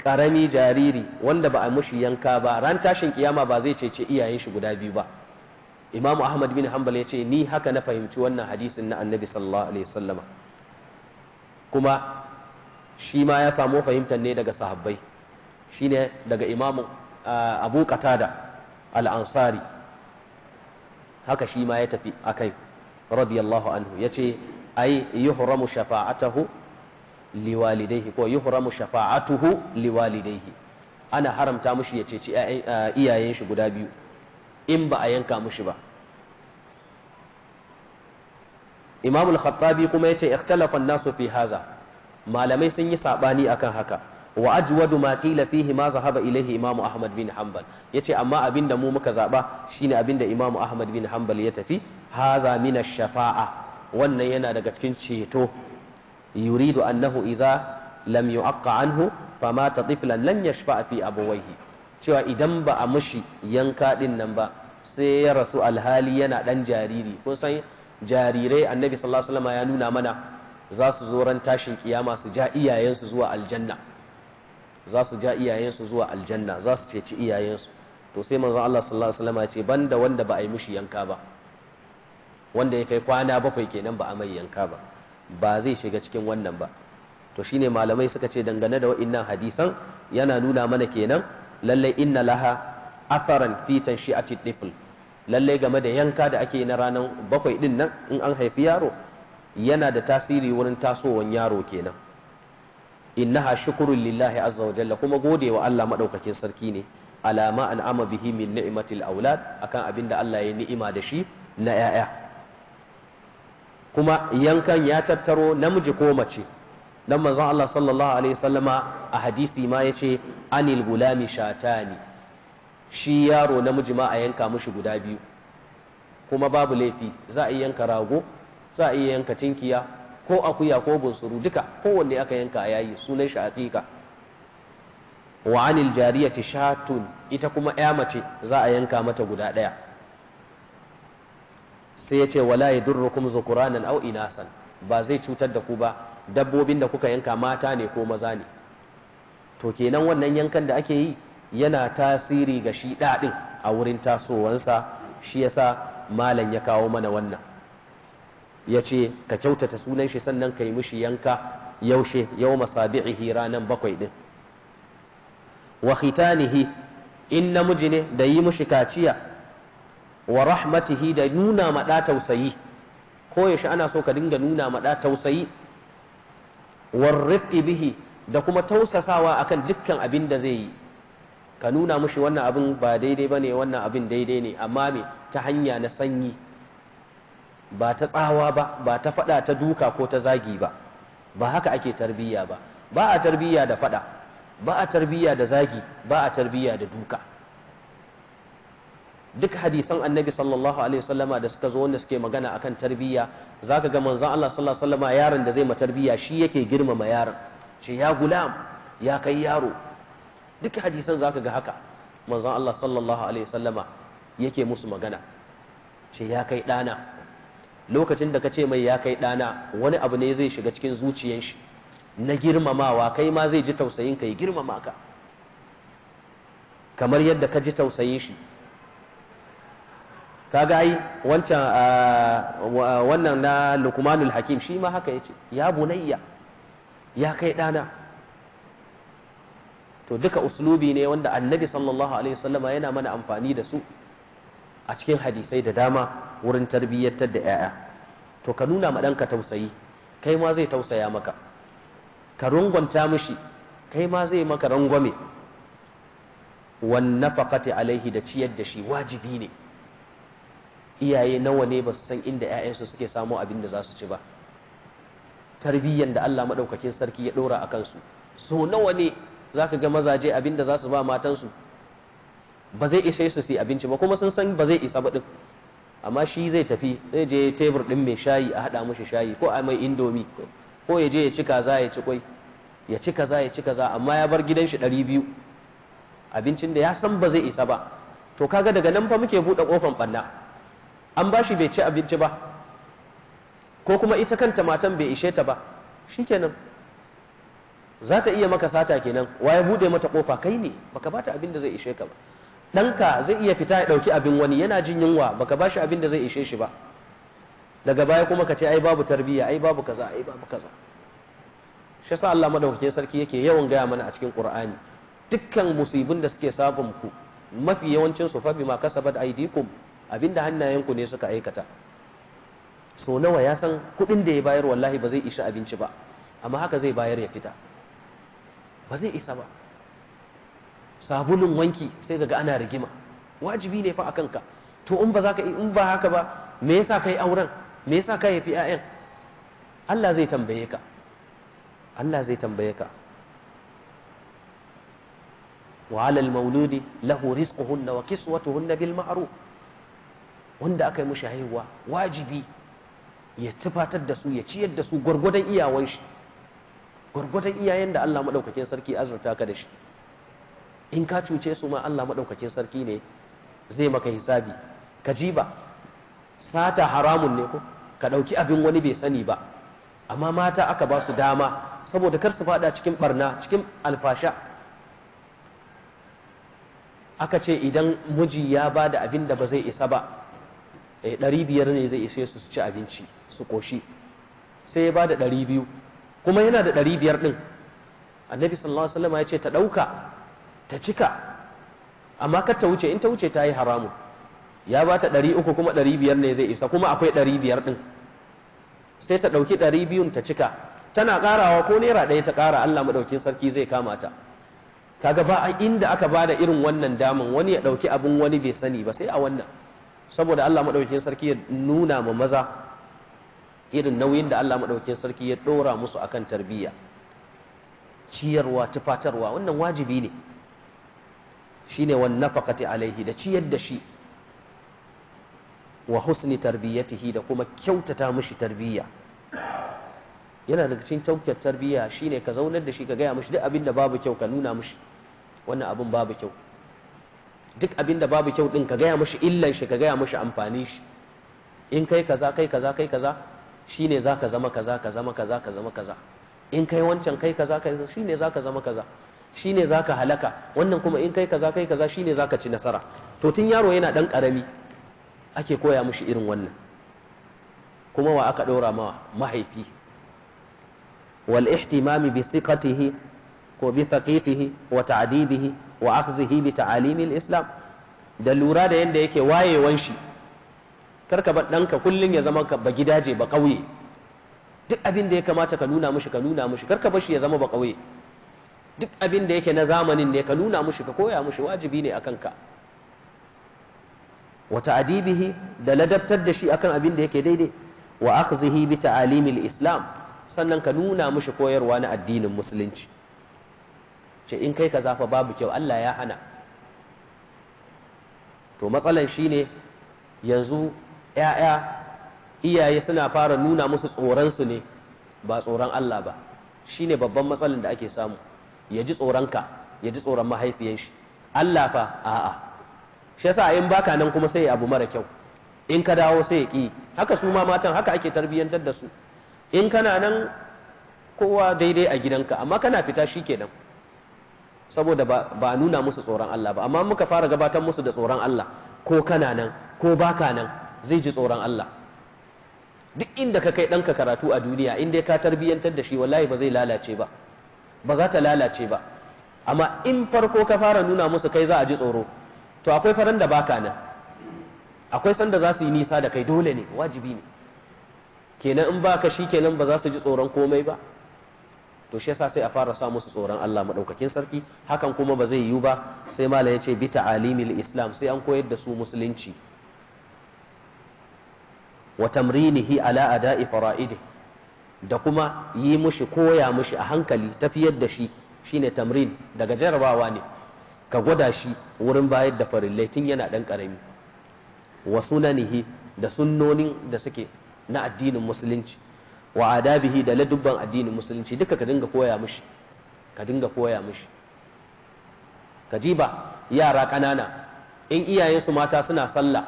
Speaker 1: karami jariri wanda ba a mushi yanka ba ran tashin kiyama ba zai cece iyayen shi guda biyu ba imam ahmad bin hanbal ya ce ni haka na fahimci wannan hadisin na annabi sallallahu alaihi Wasallama kuma shi ma ya samu fahimtar ne daga sahabbai shine daga imam uh, abu qatada al-ansari haka shi ma ya tafi akai radiyallahu anhu ya ce ai yuhramu shafa'atahu liwalidaihi ko yuhramu shafa'atuhu liwalidaihi ana haramta mushi ya ceci uh, iyayen shi guda biyu in ba a yanka mushi ba imam al-khattabi kuma yace ikhtalafa an-nasu fi haza malamai sun yi sabani akan haka wa ajwadu ma qila fihi ma zahaba ilayhi imam ahmad bin hanbal yace amma abinda mu muka zaba shine abinda imam ahmad bin hanbal ya tafi haza min ash-shafa'a wannan yana daga cikin ceto yuridu annahu iza lam yu'aqqa anhu famata tiflan lam yashfa fi abawayhi cewa idan ba a mushi yanka din nan ba sai ya rasu alhali yana dan jariri kun san jarirai annabi sallallahu alaihi wasallam ya nuna mana za su zo ran tashin kiyama su ja iyayensu zuwa aljanna za su ja iyayensu zuwa aljanna za su ceci iyayensu to sai manzo Allah sallallahu alaihi wasallam ya ce banda wanda ba a yi yanka ba wanda ya kai kwana bakwai kenan ba a mai yanka ba ba zai shiga cikin wannan ba to shine malamai suka ce dangane da wa'innan hadisan yana nuna mana kenan lalle inna laha atharan fi tanshi'ati tifl lalle game da yanka da ake na ranar bakwai din nan in an haifi yaro yana da tasiri wurin tasowan yaro kenan innaha shukurun lillahi azza wa jalla kuma gode wa Allah madaukakin sarki ne alama an ama bihi min ni'matil aulad akan abin da Allah ya ni'ima da shi na 'ya'ya kuma yankan ya tattaro namiji ko mace dan manzon Allah sallallahu alaihi wasallama a hadisi ma yace anil gulami shatani shi yaro namiji ma a yanka mushi guda biyu kuma babu laifi za a yanka rago za a iya yanka tinkiya ko akuya ko bunsuru duka kowanne aka yanka a yayi sunan shi hakika wa anil jariyati shatun ita kuma ya mace za a yanka mata guda daya sai ya ce wala yadurrukum zukuranan au inasan ba zai cutar da ku ba dabbobin da kuka yanka mata ne ko maza ne to kenan wannan yankan da ake yi yana tasiri ga shi ɗaɗin a wurin tasowansa shi ya sa malam ya kawo mana wannan ya ce ka kyautata sunan shi sannan ka yi mishi yanka yaushe yau masabi'ihi ranar bakwai ɗin wa khitanihi in namiji ne da yi mishi kaciya wa rahmatihi da nuna maɗa tausayi ko yaushe ana so ka dinga nuna maɗa tausayi warrifki bihi da kuma tausasawa akan dukkan abin da zai yi ka nuna mushi wannan abin ba daidai ba ne wannan abin daidai ne amma me ta hanya na sanyi ba ta tsawa ba ba ta faɗa ta duka ko ta zagi ba ba haka ake tarbiyya ba ba a tarbiyya da faɗa ba a tarbiyya da zagi ba a tarbiyya da duka duk hadisan annabi sallallahu alaihi wasallama da suka zo wanda suke magana akan tarbiyya zaka ga manzon Allah sallallahu alaihi wasallama yaron da zai ma tarbiyya shi yake girmama yaron ce ya gulam ya kai yaro duk hadisan zaka ga haka manzan Allah sallallahu alaihi wasallama yake musu magana ce ya kai dana lokacin da ka ce mai ya kai dana wani abu ne zai shiga cikin zuciyan shi na girmamawa kai ma zai ji tausayin ka ya girmama ka kamar yadda ka ji tausayin shi kaga ai wancan ah, wannan na lukmanul hakim shi ma haka ya ce ya bunayya ya kai dana to duka uslubi ne wanda annabi sallallahu alaihi wasallama yana mana amfani da su a cikin hadisai da dama wurin tarbiyyantar da 'ya'ya to ka nuna ma ɗanka tausayi kai ma zai tausaya maka ka rungwanta mishi kai ma zai maka rangwame wan nafaqati alaihi da ciyar da shi wajibi ne iyaye nawa ne ba su san inda 'ya'yansu suke samo abin da za su ci ba tarbiyyar da Allah maɗaukakin sarki ya ɗora a kansu so nawa ne za ka ga mazaje abin da za su ba matansu ba zai ishe su su abinci ba kuma sun san ba zai isa ba ɗin amma shi zai tafi zai je tebur ɗin mai shayi a haɗa mushi shayi ko a mai indomi ko ya je ya ci kaza ya ci kwai ya ci kaza ya ci kaza amma ya bar gidan shi ɗari biyu abincin da ya san ba zai isa ba to kaga daga nan fa muke buɗe ƙofan ɓanna an ba shi bai ci abinci ba ko kuma ita kanta matan bai ishe ta ba shikenan za ta iya maka sata kenan waye bude mata kofa kai ne baka bata abin da zai ishe ka ba ɗanka zai iya fita ya ɗauki abin wani yana jin yunwa baka ba shi abin da zai ishe shi ba daga baya kuma ka ce ai babu tarbiyya ai babu kaza ai babu kaza shi yasa Allah madaukakin sarki yake yawan gaya mana a cikin Qur'ani dukkan musibin da suke sabon ku mafi yawancin su fa bima kasabat aydikum abinda hannayenku ne suka aikata so nawa ya san kuɗin da ya bayar wallahi ba zai isha abinci ba amma haka zai bayar ya fita ba zai isa ba sabulun wanki sai ga ana rigima wajibi ne fa a kanka to in ba za ka in ba haka ba me yasa kai auren me yasa ka yafi ƴaƴan Allah zai tambaye ka Allah zai tambaye ka wa alal mauludi lahu rizquhunna wa kiswatuhunna bil ma'ruf wanda aka yi mushi haihuwa wajibi ya tufatar da su ya ciyar da su gwargwadon iyawan shi gwargwadon iyayen da Allah maɗaukakin sarki azurta ka da shi in ka cuce su ma Allah maɗaukakin sarki ne zai maka hisabi ka ji ba sata haramun ne ko ka ɗauki abin wani bai sani ba amma mata aka ba su dama saboda kar su faɗa cikin barna cikin alfasha aka ce idan muji ya bada abin da ba zai isa ba Eh, ɗari biyar ne zai ishe su su ci abinci su koshi sai ya ba da ɗari biyu kuma yana da ɗari biyar ɗin annabi sallallahu alaihi wasallam ya ce ta ɗauka ta cika amma kar ta wuce in ta wuce ta yi haramun ya ba ta ɗari uku kuma ɗari biyar ne zai isa kuma akwai ɗari biyar ɗin sai ta ɗauki ɗari biyun ta cika tana ƙarawa ko naira ɗaya ta ƙara allah maɗaukin sarki zai kama ta kaga ba inda aka bada irin wannan daman wani ya ɗauki abin wani bai sani ba sai a wannan saboda Allah maɗaukin sarki ya nuna ma maza irin nauyin da Allah maɗaukin sarki ya ɗora musu akan tarbiyya ciyarwa tufatarwa wannan wajibi ne shine wan nafaqati alaihi da ciyar da shi wa husni tarbiyyatihi da kuma kyautata mishi tarbiyya yana daga cikin kyautar tarbiyya shine ka zaunar da shi ka gaya mishi duk abin da babu kyau ka nuna mishi wannan abin babu kyau duk abin da babu kyau din ka gaya mashi illan shi ka gaya mashi amfani shi in kai kaza kai kaza kai kaza shine ka zama kaza ka zama kaza ka zama kaza in kai wancan kai kaza kai kaza shine ka zama kaza shine ka halaka wannan kuma in kai kaza kai kaza shine ka ci nasara to tun yaro yana dan karami ake koya mashi irin wannan kuma wa aka ɗora ma mahaifi wal ihtimami bi siqatihi ko bi thaqifihi wa ta'dibihi wa akhzihi bi ta'alimil islam da lura da yadda yake wayewan shi karka bar ɗanka kullum ya zama ba gidaje ba kauye duk abin da ya kamata ka nuna mushi ka nuna mushi karka bar shi ya zama ba kauye duk abin da yake na zamanin ne ka nuna mushi ka koya mushi wajibi ne akan ka wa ta'adibihi da ladabtar da shi akan abin da yake daidai wa akhzihi bi ta'alimil islam sannan ka nuna mushi koyarwa na addinin musulunci ce in kai ka zafa babu kyau Allah ya hana to matsalan shine yanzu ‘ya'ya iyaye suna fara nuna musu tsoronsu ne ba tsoron Allah ba shi ne babban matsalin da ake samu ya ji ka ya ji tsoron mahaifiyar shi Allah fa a'a shi yasa in baka nan kuma sai abu mara kyau in ka dawo sai ya ƙi haka su ma matan haka ake tarbiyyantar da su in kana nan kowa daidai a gidanka amma kana fita shi kenan saboda ba a nuna musu tsoron Allah ba amma muka fara gabatar musu da tsoron Allah ko kana nan ko baka nan zai ji tsoron Allah duk inda ka kai ɗanka karatu a duniya in dai ka tarbiyyantar da shi wallahi ba zai lalace ba ba za ta lalace ba amma in farko ka fara nuna musu kai za a ji tsoro to akwai faran da baka nan akwai sanda za su yi nisa da kai dole ne wajibi ne kenan in baka shi kenan ba za su ji tsoron komai ba to shi yasa sai a fara sa musu tsoron Allah madaukakin sarki hakan kuma ba zai yiwu ba sai malam ya ce bi ta'alimil islam sai an koyar da su musulunci wa tamrinihi ala ada'i fara'idi da kuma yi mushi koya mushi a hankali tafiyar da shi shine tamrin daga jarabawa ne ka gwada shi wurin bayar da farillai tun yana dan karami wa sunanihi da sunnonin da suke na addinin musulunci wa adabihi da ladubban addinin musulunci duka ka dinga koya mishi ka dinga koya mishi ka ji ba yara ƙanana in iyayensu mata suna sallah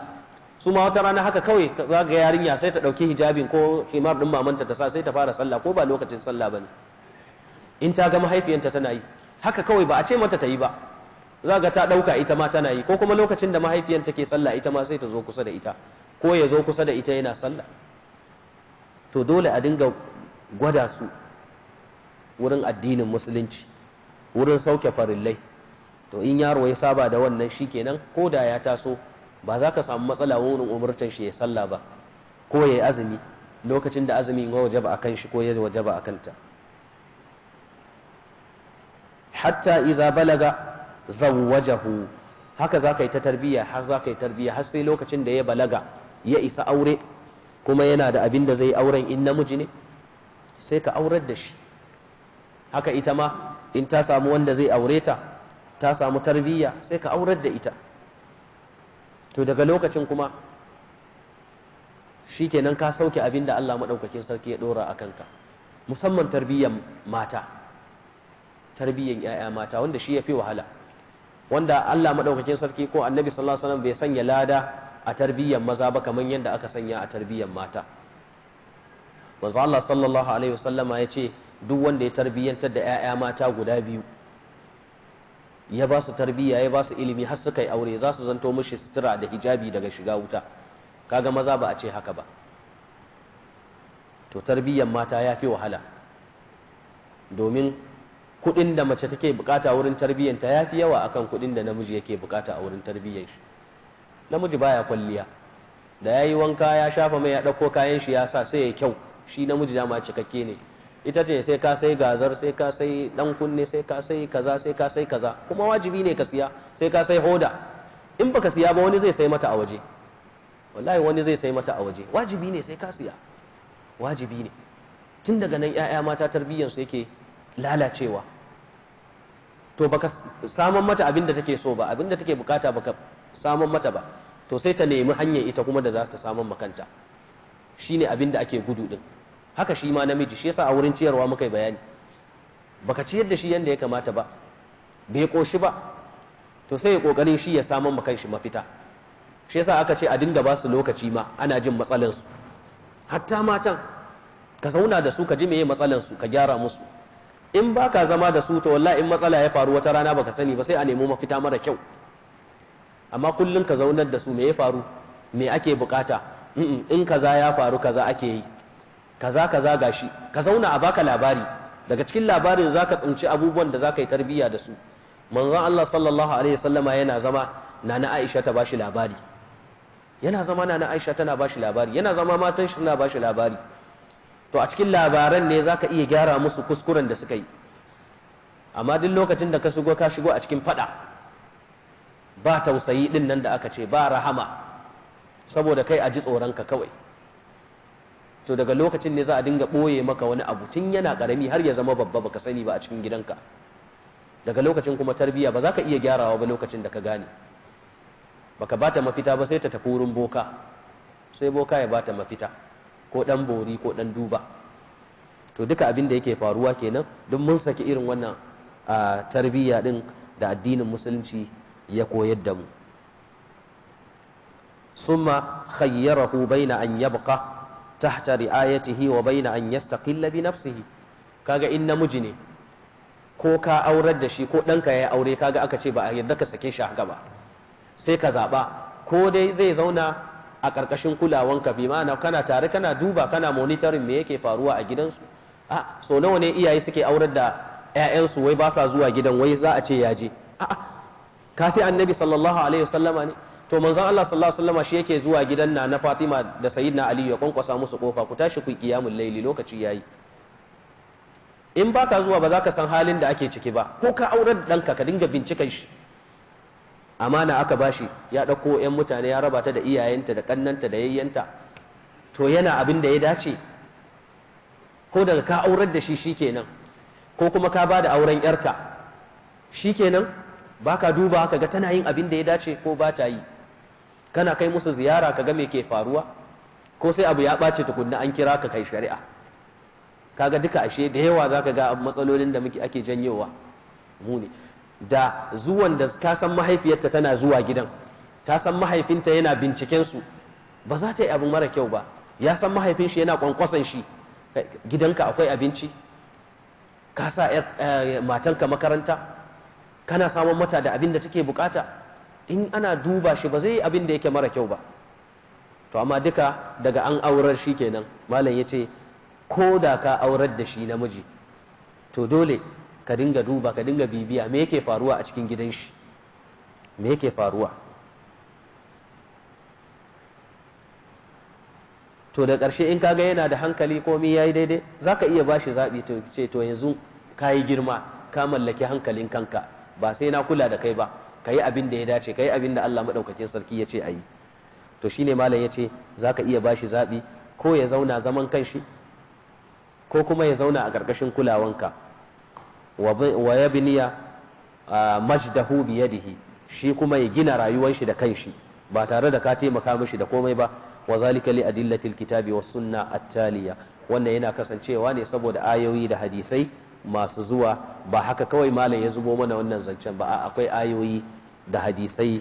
Speaker 1: su ma wata rana haka kawai za ga yarinya sai ta ɗauki hijabin ko himar ɗin mamanta ta sa sai ta fara sallah ko ba lokacin sallah ba ne in ta ga mahaifiyanta tana yi haka kawai ba a ce mata ta yi ba za ga ta ɗauka ita ma tana yi ko kuma lokacin da mahaifiyanta ke sallah ita ma sai ta zo kusa da ita ko ya zo kusa da ita yana sallah to dole a dinga gwada su wurin addinin musulunci wurin sauke farillai to in yaro ya saba da wannan shi kenan ko da ya taso ba za ka samu matsala wurin umurtar shi ya sallah ba ko ya yi azumi lokacin da azumin ya wajaba a kan shi ko ya wajaba a kanta hatta iza balaga zawwajahu haka za ka yi ta tarbiyya har za ka yi tarbiyya har sai lokacin da ya balaga ya isa aure kuma yana da abin da zai auren in namiji ne sai ka aurar da shi haka ita ma in ta samu wanda zai aure ta ta samu tarbiyya sai ka aurar da ita to daga lokacin kuma shi kenan ka sauke abin da Allah maɗaukakin sarki ya ɗora a kanka musamman tarbiyyar mata tarbiyyar 'ya'ya mata wanda shi ya fi wahala wanda Allah maɗaukakin sarki ko annabi sallallahu alaihi wasallam bai sanya lada a tarbiyyar maza ba kamar yadda aka sanya a tarbiyyar mata manzo Allah sallallahu alaihi wasallama ya ce duk wanda ya tarbiyyantar da 'ya'ya mata guda biyu ya ba su tarbiyya ya ba su ilimi har suka yi aure za su zanto mishi sutura da hijabi daga shiga wuta kaga maza ba a ce haka ba to tarbiyyar mata ya fi wahala domin kuɗin da mace take bukata wurin tarbiyyanta ya fi yawa akan kuɗin da namiji yake bukata a wurin tarbiyyar shi namiji baya kwalliya da ya yi wanka ya shafa mai ya ɗauko kayan shi ya sa sai ya kyau shi namiji dama cikakke ne ita ce sai ka sai gazar sai ka sai ɗan kunne sai ka sai kaza sai ka sai kaza kuma wajibi ne ka siya sai ka sai hoda in baka siya ba wani zai sai mata a waje wallahi wani zai sai mata a waje wajibi ne sai ka siya wajibi ne tun daga nan 'ya'ya mata tarbiyyar su yake lalacewa to baka saman mata abin da take so ba abin da take bukata baka samun mata ba to sai ta nemi hanyar ita kuma da za ta samun makanta shine abin da ake gudu din haka shi ma namiji shi yasa a wurin ciyarwa muka yi bayani baka ciyar da shi yanda ya kamata ba bai koshi ba to sai ya kokarin shi ya samun makan mafita shi yasa aka ce a dinga ba su lokaci ma ana jin su hatta matan ka zauna da su ka ji meye su ka gyara musu in ba ka zama da su to wallahi in matsala ya faru wata rana baka sani ba sai a nemo mafita mara kyau amma kullum ka zaunar da su me ya faru me ake bukata in kaza ya faru kaza ake yi kaza kaza gashi ka zauna a baka labari daga cikin labarin zaka tsinci abubuwan da zaka yi tarbiyya da su manzon Allah sallallahu alaihi wasallama yana zama nana Aisha ta bashi labari yana zama nana Aisha tana bashi labari yana zama matan shi tana bashi labari to a cikin labaran ne zaka iya gyara musu kuskuren da suka yi amma duk lokacin da ka shigo ka shigo a cikin fada ba tausayi din nan da aka ce ba rahama saboda kai a ji tsoronka kawai to daga lokacin ne za a dinga ɓoye maka wani abu tun yana ƙarami har ya zama babba baka sani ba a cikin gidanka daga lokacin kuma tarbiyya ba za ka iya gyarawa ba lokacin da ka gane baka bata mafita ba sai ta tafi wurin boka sai boka ya bata mafita ko ɗan bori ko ɗan duba to duka abin da yake faruwa kenan don mun saki irin wannan ah, tarbiyya din da addinin musulunci ya koyar da mu summa khayyarahu baina an yabqa tahta ri'ayatihi wa baina an yastaqilla bi nafsihi kaga in namiji ne ko ka aurar da shi ko ɗanka ya aure kaga aka ce ba a yarda ka sake shi haka ba sai ka zaɓa ko dai zai zauna a ƙarƙashin kulawanka bi ma'ana kana tare kana duba kana monitoring me yake faruwa a gidansu a so nawa ne iyaye suke aurar da 'ya'yansu wai ba sa zuwa gidan wai za a ce ya je a'a kafi annabi sallallahu alaihi wasallama ne to manzon Allah sallallahu alaihi wasallama shi yake zuwa gidan na na Fatima da Sayyidina Ali ya kwankwasa musu kofa ku tashi ku qiyamul laili lokaci yayi in baka zuwa ba za ka san halin da ake ciki ba ko ka aurar da ka dinga bincikan shi amana aka bashi ya dauko 'yan mutane ya raba ta da iyayenta da kannanta da yayyanta to yana abin da ya dace ko daga ka aurar da shi shikenan ko kuma ka ba da auren 'yarka shikenan baka duba ka ga tana yin abin da ya dace ko ba ta yi kana kai musu ziyara kaga ga me ke faruwa ko sai abu ya ɓace tukunna an kira ka kai shari'a kaga duka ashe da yawa zaka ga matsalolin da muke ake janyowa muni da zuwan da ta san mahaifiyarta tana zuwa gidan ta san mahaifinta yana binciken su ba za ta yi abu mara kyau ba ya san mahaifin shi yana kwankwasan shi gidanka akwai abinci ka sa eh, matanka makaranta kana samun mata da abin da take bukata in ana duba shi ba zai yi abin da yake mara kyau ba to amma duka daga an aurar shi kenan malam ya ce ko da ka aurar da shi namiji to dole ka dinga duba ka dinga bibiya me yake faruwa a cikin gidan shi me yake faruwa to da ƙarshe in kaga yana da hankali komi yayi daidai za ka iya ba shi zaɓi to ce to yanzu ka yi girma ka mallaki hankalin kanka ba sai na kula da kai ba ka yi abin da ya dace ka yi abin da Allah maɗaukakin sarki ya ce a yi to shine malam ya ce za ka iya bashi zaɓi ko ya zauna zaman kanshi ko kuma ya zauna a ƙarƙashin kulawanka wa ya biniya majdahu biyadihi shi kuma ya gina rayuwar shi da kanshi ba tare da ka taimaka mishi da komai ba wa zalika li adillatil kitabi was sunna at-taliya wannan yana kasancewa ne saboda ayoyi da hadisai masu zuwa ba haka kawai malam ya zubo mana wannan zancen ba akwai ayoyi da hadisai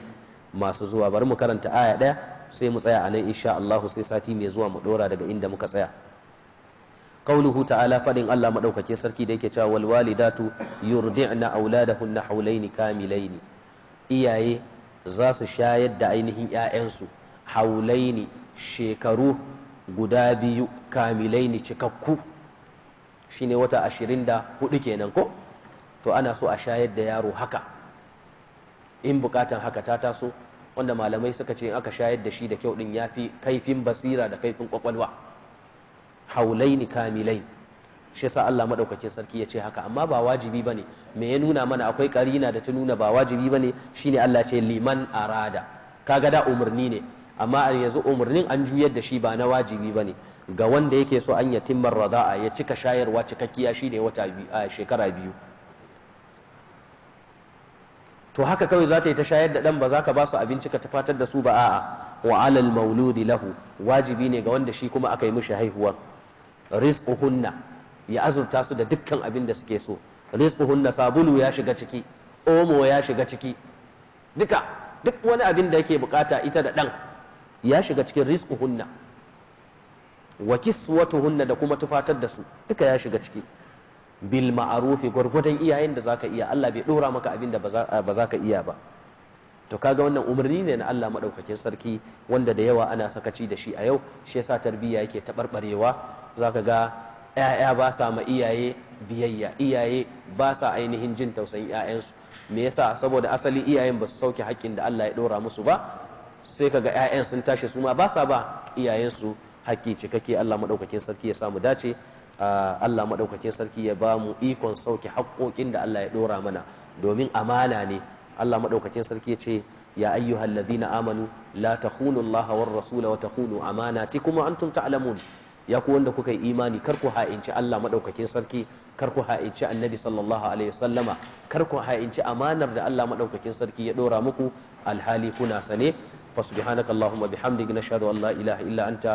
Speaker 1: masu zuwa bari mu karanta aya ɗaya sai mu tsaya a nan insha Allah sai sati mai zuwa mu dora daga inda muka tsaya qauluhu ta'ala fadin Allah madaukake sarki da yake cewa wal walidatu yurdi'na auladahunna hawlaini kamilaini iyaye za su shayar da ainihin 'ya'yansu haulaini shekaru guda biyu kamilaini cikakku shine wata ashirin da hudu kenan ko to ana so a shayar da yaro haka in bukatan haka ta taso wanda malamai suka ce in aka shayar da shi da kyau din ya fi kaifin basira da kaifin kwakwalwa haulai haulaini kamilai shi sa Allah madaukakin sarki ya ce haka amma ba wajibi bane me ya nuna mana akwai karina da ta nuna ba wajibi bane shine Allah ce liman arada kaga da umarni ne amma a yanzu umarnin an juyar da shi ba na wajibi ba ne ga wanda yake so an yatimmar rada'a ya cika shayarwa cikakkiya shi ne wata shekara biyu to haka kawai za ta yi ta shayar da ɗan ba za ka ba su abinci ka tafatar da su ba a'a wa mauludi lahu wajibi ne ga wanda shi kuma aka yi mishi haihuwar rizquhunna ya azurta su da dukkan abin da suke so rizquhunna sabulu ya shiga ciki omo ya shiga ciki duka duk wani abin da yake bukata ita da ɗan ya shiga cikin rizquhunna wa kiswatuhunna da kuma tufatar da su duka ya shiga ciki bil ma'arufi gurgudan iyayen da zaka iya Allah bai dora maka abin da ba za ka iya ba to kaga wannan umarni ne na Allah madaukakin sarki wanda da yawa ana sakaci da shi a yau shi yasa tarbiyya yake tabarbarewa zaka ga ƴaƴa ba sa ma iyaye biyayya iyaye ba sa ainihin jin tausayin ƴaƴansu me yasa saboda asali iyayen ba su sauke haƙƙin da Allah ya ɗora musu ba sai kaga 'ya'yan sun tashi su ma ba sa ba iyayensu haƙƙi cikakke Allah maɗaukakin sarki ya samu dace ah, Allah maɗaukakin sarki ya ba mu ikon sauke haƙƙoƙin da Allah ya ɗora mana domin amana ne Allah maɗaukakin sarki ya ce ya ayyuhal ladina amanu la takhunu Allah war rasula wa takhunu amanatikum kuma antum ta'lamun ya ku wanda kuka yi imani kar ku ha'inci Allah maɗaukakin sarki kar ku ha'inci annabi sallallahu alaihi wasallama kar ku ha'inci amanar da Allah maɗaukakin sarki ya ɗora muku alhali kuna sane فسبحانك اللهم بحمدك نشهد أن لا إله إلا أنت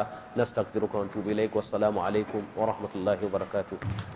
Speaker 1: نستغفرك ونتوب إليك والسلام عليكم ورحمة الله وبركاته